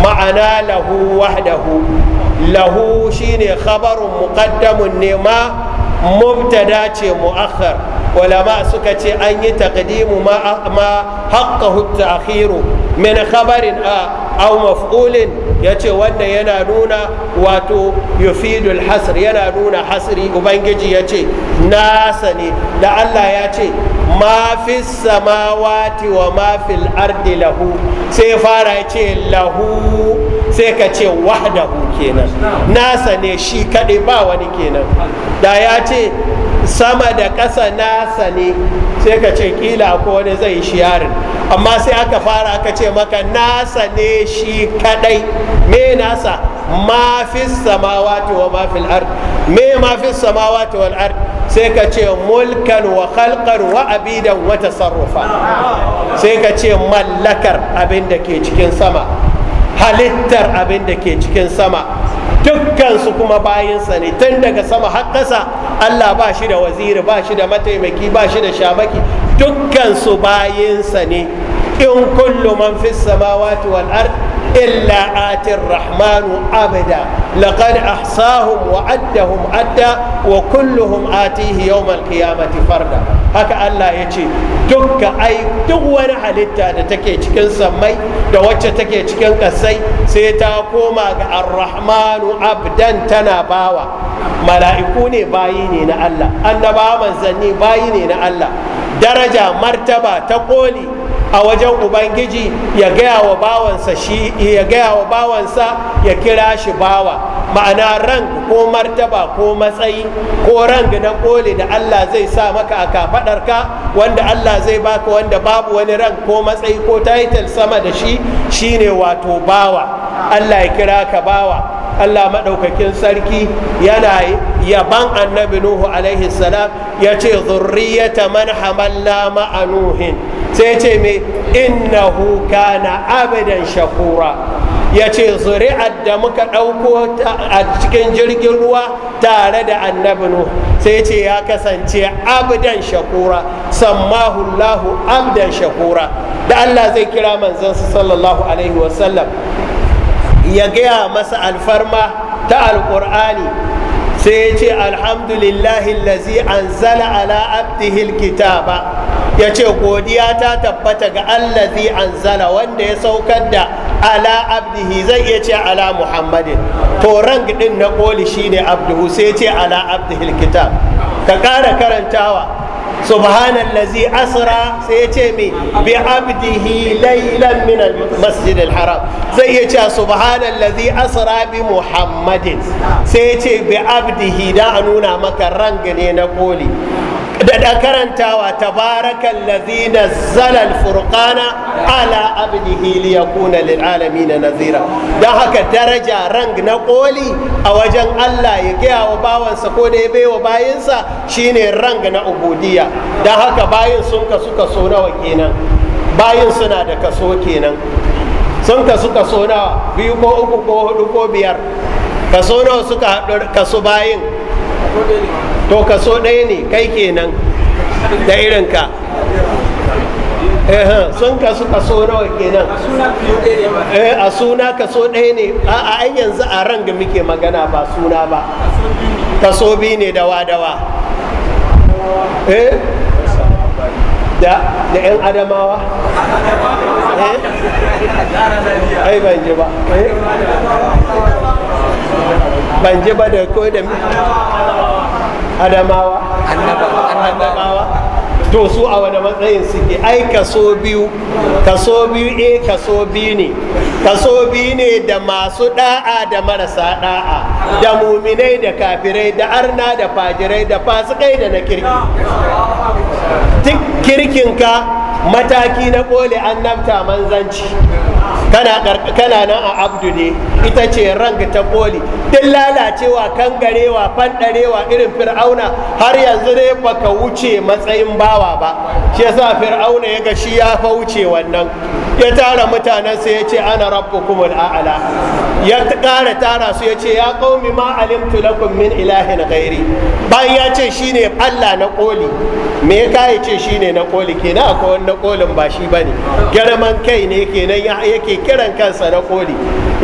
ma'ana lahu wahdahu lahu shine khabarun muqaddamun ne ma mubtada ce mu'akhkhar ulama suka ce an yi taqdimu ma ma haqqahu ta'khiru min khabarin a aw maf'ulin yace wanda yana nuna wato yufidul hasr yana nuna hasri ubangiji yace na ne da Allah ya ce ma fi samawati wa ma fil ardi lahu sai fara ce lahu sai ka ce wahdahu kenan na sane shi kadai ba wani kenan da ya ce sama da ƙasa nasa ne sai ka ce kila ko wani zai yarin. amma sai aka fara aka ce maka nasa ne shi kadai me nasa ma samawati wa ma ard me ma samawati wal ard sai ka ce mulkan wa khalqan wa abidan wa tasarrufa sai ka ce mallakar abin da ke cikin sama halittar abin da ke cikin sama dukkansu kuma bayansa ne tun daga sama har ƙasa Allah ba shi da waziri ba shi da mataimaki ba shi da shabaki dukkansu bayansa ne in kullu man fis samawati wal ard إلا آتي الرحمن أبدا لقد أحصاهم وعدهم أدا وكلهم آتيه يوم القيامة فردا هكا الله يجي دك أي دوانا حلتا تكي تكن سمي دوچة تكي تكن قسي سيتاكوما الرحمن أبدا تنباوا ملائكوني بايني نا الله أنبا منزني بايني نا الله درجة مرتبة تقولي a wajen ubangiji ya gaya wa bawansa shi ya gaya wa bawansa ya kira shi bawa ma'ana ran ko martaba ko matsayi ko ran na koli da Allah zai sa maka a kafadarka wanda Allah zai baka wanda babu wani ran ko matsayi ko title sama da shi shine wato bawa Allah ya kira ka bawa Allah maɗaukakin sarki yana yaban annabi Nuhu alaihi salam ya ce zurriyata man hamalla ma'anuhin Nuhin sai ce me innahu kana abadan shakura ya ce zuri'ar da muka ɗauko a cikin jirgin ruwa tare da annabinu sai ce ya kasance abdan shakura sammahullahu abdan shakura da allah zai kira manzansa sallallahu alaihi wasallam ya gaya masa alfarma ta alƙur'ani sai ya ce alhamdulillahi lazi an zala ala abdihil kitaba ya ce godiya ta tabbata ga allazi anzala wanda ya saukar da ala abdihi zai iya ce ala muhammadin to rang din na koli shine abduhu sai ce ala abdihil kitab ka ƙara karantawa subhanallazi asra sai ya ce mai bi abdihi laylan min almasjid haram zai ya ce subhanallazi asra bi muhammadin sai ya ce bi abdihi da a nuna maka rangane na koli da karantawa tabarakan lazina zalal furqana ala abdihi li yakuna lil alamin nazira dan haka daraja rang na koli a wajen Allah ya gaya wa bawansa ko da ya baiwa bayinsa shine rang na ubudiyya dan haka bayin sun ka suka so nawa kenan bayin suna da kaso kenan sun ka suka so nawa biyu ko uku ko hudu ko biyar kaso nawa suka haɗu kaso bayin to ka so ɗaya ne kai kenan da irinka sun ka suka so nawa kenan eh, a suna ka so ɗaya ne a ai yanzu a ran ga muke magana ba suna ba so biyu ne dawa-dawa eh? da da 'yan adamawa eh ai ban ji ba eh? ban ji ba da ko da adamawa annabawa to su a wani matsayin suke ai kaso biyu kaso biyu e kaso biyu ne kaso biyu ne da masu da'a da marasa da'a da muminai da kafirai da arna da fajirai da fasikai da na kirki duk kirkinka mataki na kole annabta manzanci kana nan a abdu ne ita ce ranga ta koli duk lalacewa kangarewa fandarewa irin fir'auna har yanzu dai baka wuce matsayin bawa ba shi yasa fir'auna ya ga shi ya fa wuce wannan ya tara mutanen sa ya ce ana rabbukumul a'la ya kara tara su yace ya qaumi ma alimtu lakum min ilahin ghairi bayan ya ce shine Allah na koli me ya kai ce shine na koli kenan akwai wani kolin ba shi bane garaman kai ne kenan yake kiran kansa na koli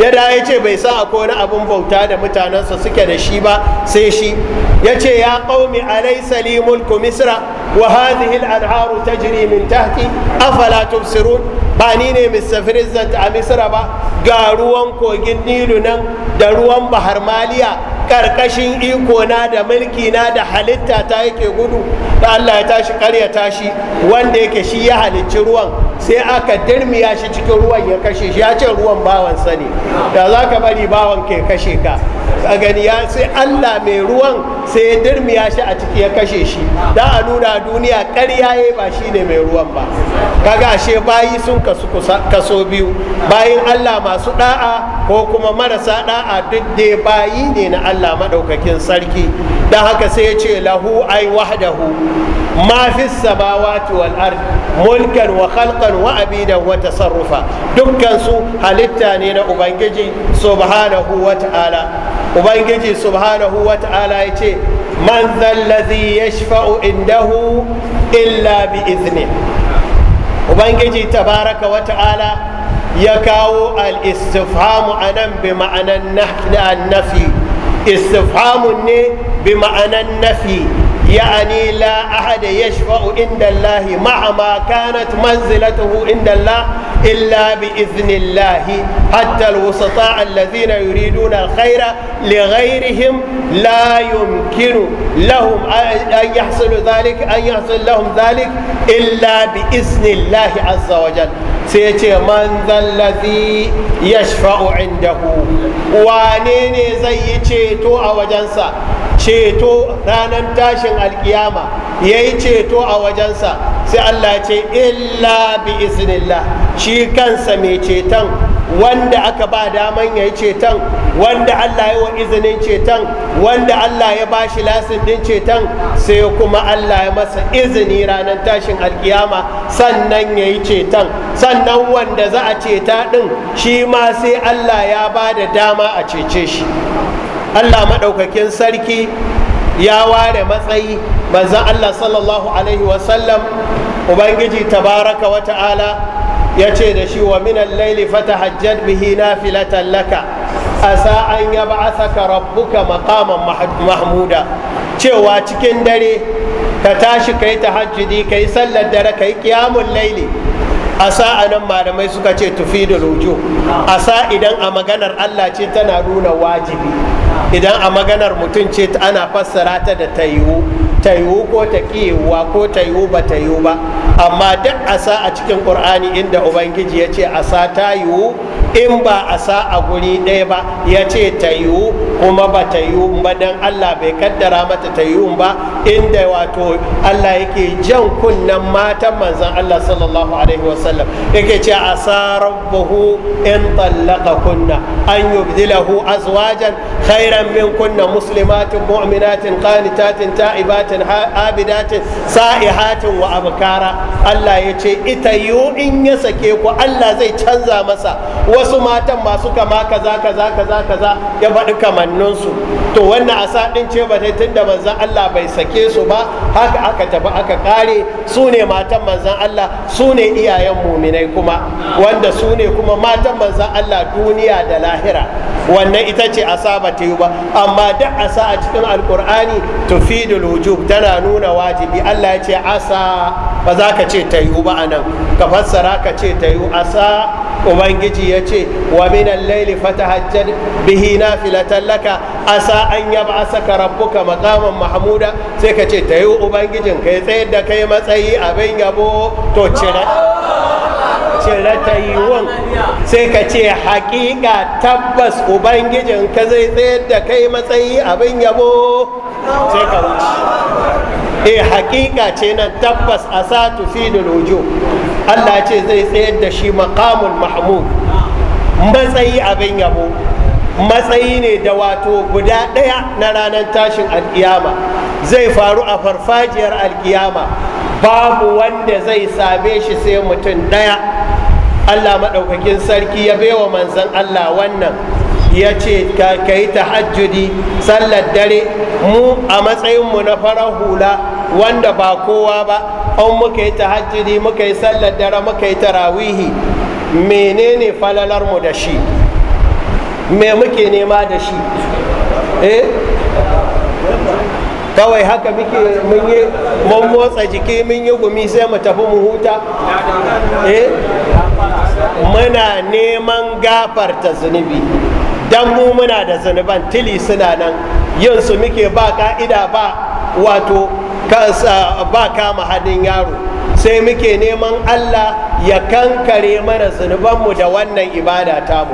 ya da ya ce bai sa akwai wani abun bauta da mutanensa suke da shi ba sai shi ya ce ya ƙaumi alai salimul kumisra misra wa hadhihi al-anharu tajri min tahti afala tubsirun ba ni ne Mr. President a misra ba ga ruwan kogin nilu nan da ruwan bahar maliya karkashin iko na da mulki na da halitta ta yake gudu da Allah ya tashi karya tashi wanda yake shi ya halicci ruwan sai aka dirmiya shi cikin ruwan ya kashe shi ya ce ruwan bawansa ne da za ka bari bawan ke kashe ka a gani ya sai allah mai ruwan sai ya dirmiya shi a ciki ya kashe shi da a nuna duniya ƙarya ya ba shi ne mai ruwan ba kaga ashe bayi sun kasu kaso biyu bayin allah masu da'a ko kuma marasa da'a duk dai bayi ne na allah maɗaukakin sarki da haka sai ya ce lahu ai wahdahu ma fi samawati wal ard mulkan wa khalqan wa abidan wa tasarrufa dukkan su halitta ne na ubangiji subhanahu wa ta'ala ubangiji subhanahu wa ta'ala ya ce man zallazi ya shafa'u indahu illa bi izni ubangiji tabaraka wa ta'ala ya kawo al-istifhamu a nan bi ma'anan nafi istifhamun ne bi ma'anan nafi يعني لا أحد يشفع عند الله مهما كانت منزلته عند الله إلا بإذن الله حتى الوسطاء الذين يريدون الخير لغيرهم لا يمكن لهم أن يحصل ذلك أن يحصل لهم ذلك إلا بإذن الله عز وجل sai ya ce man zallazi ya shafa'u indahu wane ne zai yi ceto a wajensa ceto ranar tashin alkiyama ya yi ceto a wajensa sai allah ce illa bi iznillah shi kansa mai ceton wanda aka ba daman ya yi ceton wanda allah ya wa izinin ceton wanda allah ya ba shi lasindin ceton sai kuma allah ya masa izini ranar tashin alkiyama sannan ya yi ceton sannan wanda za a ceta ɗin shi ma sai allah ya ba da dama a cece shi allah maɗaukakin sarki ya ware matsayi manzan allah sallallahu alaihi wasallam ubangiji tabaraka wa ta'ala ya ce da shi wa minan laili hajjar bihi nafilatan laka asa an yab'athaka rabbuka makaman mahmuda cewa cikin dare ka tashi kai tahajjudi kai sallar dare kai kiyamun laili asa anan malamai suka ce tufidul wujuh asa idan a maganar Allah ce tana nuna wajibi idan a maganar mutum ce ana fassara ta da ta yiwu ko ta kiyewa ko ta ba ta yiwu ba amma duk asa a cikin ƙur'ani inda ubangiji ya ce asa ta yiwu in ba a sa a guri ɗaya ba ya ce ta kuma ba ta ba dan allah bai kaddara mata ta ba inda wato Allah yake jan kunnen matan manzan Allah sallallahu alaihi wasallam yake ce asa rabbahu in tallaka kunna an yubdilahu azwajan khairan min kunna muslimatin mu'minatin qanitatin ta'ibatin abidatin sa'ihatin wa abkara Allah ya ce ita yu in ya sake ku Allah zai canza masa wasu matan masu kama kaza kaza kaza kaza ya faɗi kamanninsu to wannan asa ɗin ce ba tun da manzan Allah bai sake sake su ba haka aka tafi aka kare su ne matan manzan Allah su ne iyayen muminai kuma wanda su ne kuma matan manzan Allah duniya da lahira wannan ita ce asaba ta yi ba amma duk asa a cikin alkur'ani tufidul wujub tana nuna wajibi Allah ya ce asa ba za ka ce ta yi ba anan ka fassara ka ce ta yi asa ubangiji ya ce wa minan laili fatahajjad bihi nafilatan laka asa an yabasa rabbuka maqaman mahmuda sai ka ce tayi ubangijin ka ya tsayar da kai matsayi abin yabo to cire cire tayiwon sai ka ce haƙiƙa tabbas ubangijin ka zai tsayar da kai matsayi abin yabo sai ka wuce eh hakika ce nan tabbas a sa tufidul wujo Allah ce zai tsayar da shi maqamul mahmud matsayi abin yabo matsayi ne da wato guda ɗaya na ranar tashin alkiyama zai faru a farfajiyar alkiyama babu wanda zai same shi sai mutum ɗaya Allah maɗaukakin sarki ya baiwa manzan Allah wannan ya ce ka yi hajjudi sallar dare mu a matsayinmu na farar hula wanda ba kowa ba an muka yi ta hajjudi muka yi sallar dare muka yi tarawihi menene falalarmu da shi me muke nema da shi eh kawai haka muke mun yi mun motsa jiki mun yi gumi sai mu tafi mu huta eh muna neman gafarta zunubi dan mu muna da zunuban tili suna nan yin muke ba ka'ida ba wato ba ka mahadin yaro sai muke neman Allah ya kankare mana zunubanmu da wannan ibada tamu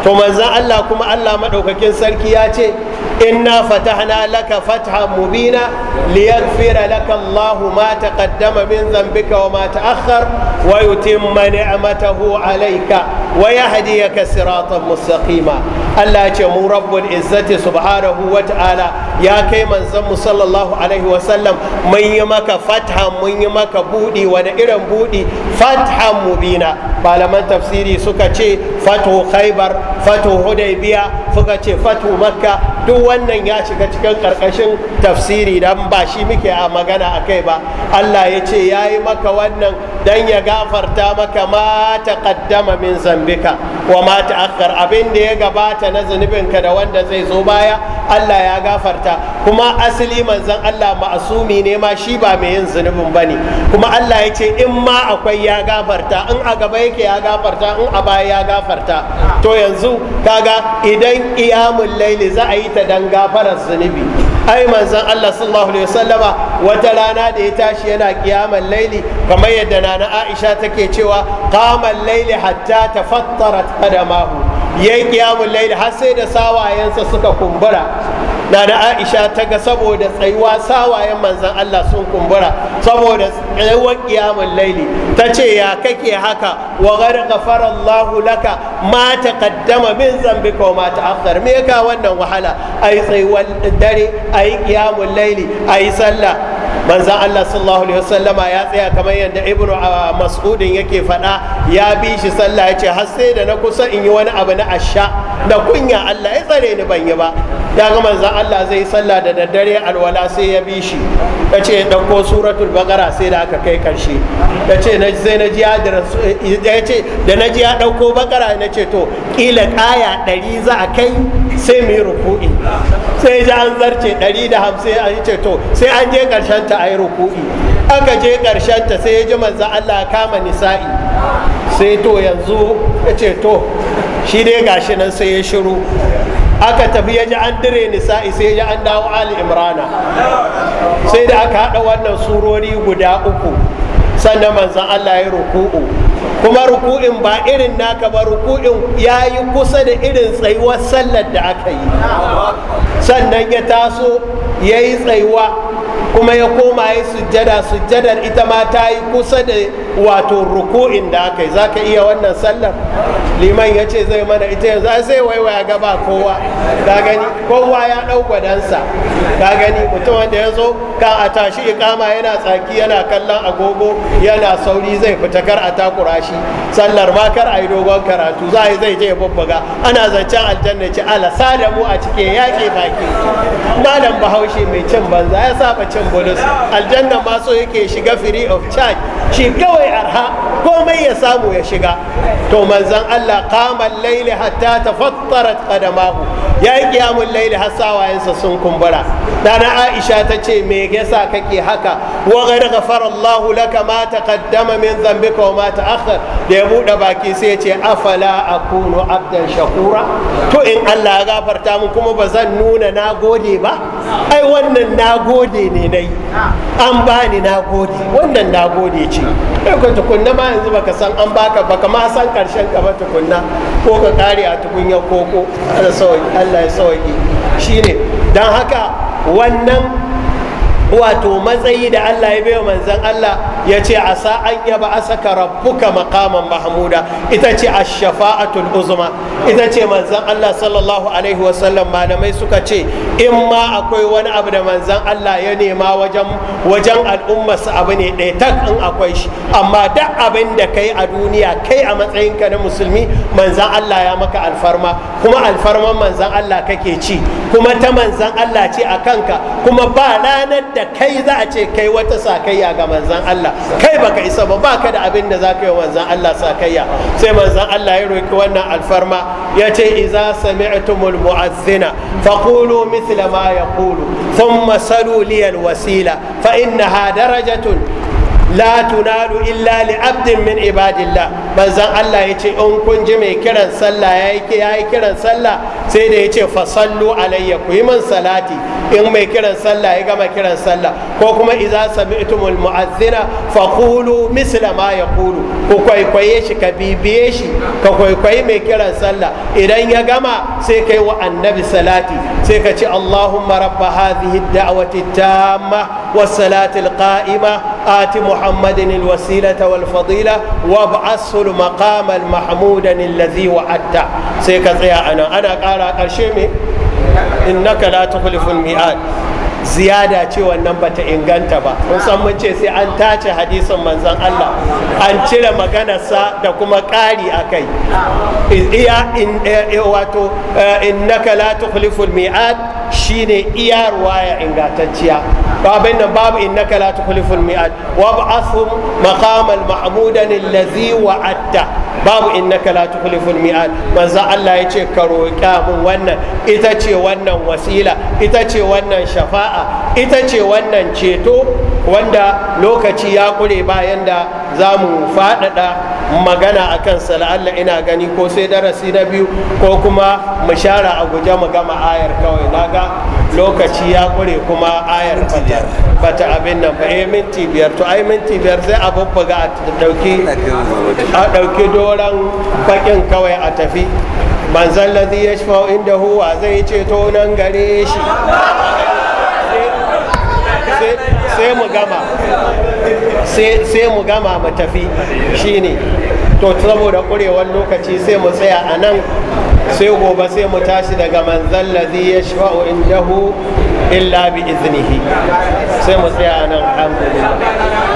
to manzan Allah kuma Allah maɗaukakin sarki ya ce إنا فتحنا لك فتحا مبينا ليغفر لك الله ما تقدم من ذنبك وما تأخر ويتم نعمته عليك ويهديك صراطا مستقيما الله يجمو رب العزة سبحانه وتعالى يا كي من زم صلى الله عليه وسلم من يمك فتحا من يمك بودي ونئرم بودي فتحا مبينا malaman tafsiri suka ce fatu khaibar fatu hudaybiya suka ce fatu makka duk duk wannan ya shiga cikin karkashin tafsiri dan ba shi muke a magana a kai ba allah ya ce ya yi maka wannan dan ya gafarta maka ma ta kaddama min zambika wa ma ta akkar abin da ya gabata na ka da wanda zai zo baya allah ya gafarta kuma asali manzan allah ma'asumi ne ma shi ba mai yin zunubin ba ne kuma allah ya ce in ma akwai ya gafarta in a gaba yake ya gafarta in a baya ya gafarta to yanzu kaga idan iyamun laili za a yi da dan gafarar zunubi ai manzon Allah sallallahu alaihi wasallama wata rana da ya tashi yana kiyamal laili kamar yadda nana Aisha take cewa qamal laili hatta tafattarat qadamahu yayi kiyamul laili har sai da sawayensa suka kumbura na da aisha ta ga saboda tsayuwa sawayen manzan allah sun kumbura saboda tsayuwar kiyamun laili ta ce ya kake haka wa gari allahu laka ma ta kaddama min zambika wa ma ta me ka wannan wahala a yi tsayuwar dare a yi kiyamun laili a yi sallah manzan allah sallallahu alaihi wasallama ya tsaya kamar yadda ibnu ah, mas'udin yake faɗa ya bi shi sallah ya ce har sai da na kusa in yi wani abu na asha da kunya allah ya tsare ni ban yi ba ya ga manzan Allah zai sallah da daddare alwala sai ya bi shi ya ce ɗauko suratul bagara sai da aka kai karshe ya ce zai na ya ce da na ji ya ɗauko bakara na ce to ƙila ƙaya ɗari za a kai sai mu yi ruku'i sai ji an zarce ɗari da hamsin an ce to sai an je ƙarshen ta a yi ruku'i aka je ƙarshen ta sai ya ji manzan Allah kama nisa'i sai to yanzu ya ce to shi dai gashi nan sai ya shiru aka tafi ya ji an dire nisa'i sai ya an dawo ali imrana sai da aka haɗa wannan surori guda uku sannan manzan allah ya ruku'u kuma ruku'in ba irin naka ba ruku'in ya yi kusa da irin tsayuwar sallar da aka yi sannan ya taso ya yi tsayuwa kuma ya koma ya sujjada sujjadar ita ma ta yi kusa da wato ruku'in da aka yi za ka iya wannan sallar liman ya ce zai mana ita yanzu ai sai waiwa ya gaba kowa ka gani kowa ya ɗau gwadansa ka gani mutum wanda ya zo kan a tashi ikama yana tsaki yana kallon agogo yana sauri zai fita kar a takura shi sallar ma kar a yi dogon karatu za a yi zai je ya babbaga ana zancen aljanna ce ala mu a cike yaƙe baki malam bahaushe mai cin banza ya saba cin bulus aljanna ma so yake shiga free of charge shi kawai arha komai ya samu ya shiga to manzan Allah kamar laili hatta hatta fattara kadamahu ya yi kiyamun laili har sawayensa sun kumbura dana aisha ta ce me yasa kake haka wa qad ghafara Allah laka ma taqaddama min dhanbika wa ma ta'akhkhar da ya buɗe baki sai ya ce afala akunu abdan shakura to in Allah ya gafarta mun kuma ba zan nuna na gode ba ai wannan na gode ne nayi an bani na gode wannan na gode ce kai ka tukunna ma yanzu baka san an baka baka ma san karshen ka ba tukunna ko ka kare a tukunyar koko da sauyi allah ya sauki shine don haka wannan wato matsayi da allah ya bai wa manzan allah ya ce a sa'an ya ba a saka rabbuka makaman mahmuda ita ce a shafa'atul uzma ita ce manzan Allah sallallahu alaihi wasallam malamai suka ce in ma akwai wani abu da manzan Allah ya nema wajen wajen al'ummarsa abu ne ɗaya tak in akwai shi amma duk abin da kai a duniya kai a matsayinka na musulmi manzan Allah ya maka alfarma kuma alfarman manzan Allah kake ci kuma ta manzan Allah ce a kanka kuma ba ranar da kai za a ce kai wata sakayya ga manzan Allah kai baka isa ba baka da abin da zaka yi wanzan Allah sakayya sai manzan Allah ya roki wannan alfarma ya ce idza sami'tumul mu'adhdhina faqulu mithla ma yaqulu thumma salu liyal wasila fa innaha darajatun la tunalu illa li abdin min ibadillah manzon Allah ya ce in kun ji mai kiran sallah ya yi kiran sallah sai da ya ce fasallu alayya ku yi man salati in mai kiran sallah ya gama kiran sallah ko kuma idza sami'tumul mu'azzina faqulu misla ma yaqulu ku kwaikwaye shi ka bibiye shi ka kwaikwayi mai kiran sallah idan ya gama sai kai wa annabi salati sai ka ce Allahumma rabba hadhihi ad-da'wati tamma والصلاة القائمة آت محمد الوسيلة والفضيلة وابعثه المقام المحمودا الذي وعدته سيكتيا أنا أنا قال أرشيمي إنك لا تخلف الميعاد ziyada ce wannan bata inganta ba kun san mun ce sai an tace hadisin manzon Allah an cire maganarsa da kuma ƙari a kai in wato innaka la tukhliful mi'ad shine iya ruwaya ingantacciya babin nan babu innaka la tukhliful mi'ad wa ba'athum maqaman mahmudan allazi wa'adta babu innaka la tukhliful mi'ad manzo Allah ya ce ka roƙa mun wannan ita ce wannan wasila ita ce wannan shafa'a ita ce wannan ceto wanda lokaci ya kure bayan da zamu mu faɗaɗa magana a kansa ina gani ko sai darasi na biyu ko kuma mu share a guje mu gama ayar kawai na ga lokaci ya kure kuma ayar bata abin nan ba eh minti biyar to ai minti biyar zai a ga a dauki a doran bakin kawai a tafi manzan ladhi yashfa'u indahu wa zai ceto nan gare shi sai mu gama sai mu gama mu tafi shine to saboda kurewar lokaci sai mu tsaya a nan sai gobe sai mu tashi daga manzan lazi ya in jahu illa bi iznihi sai mu tsaya a nan alhamdulillah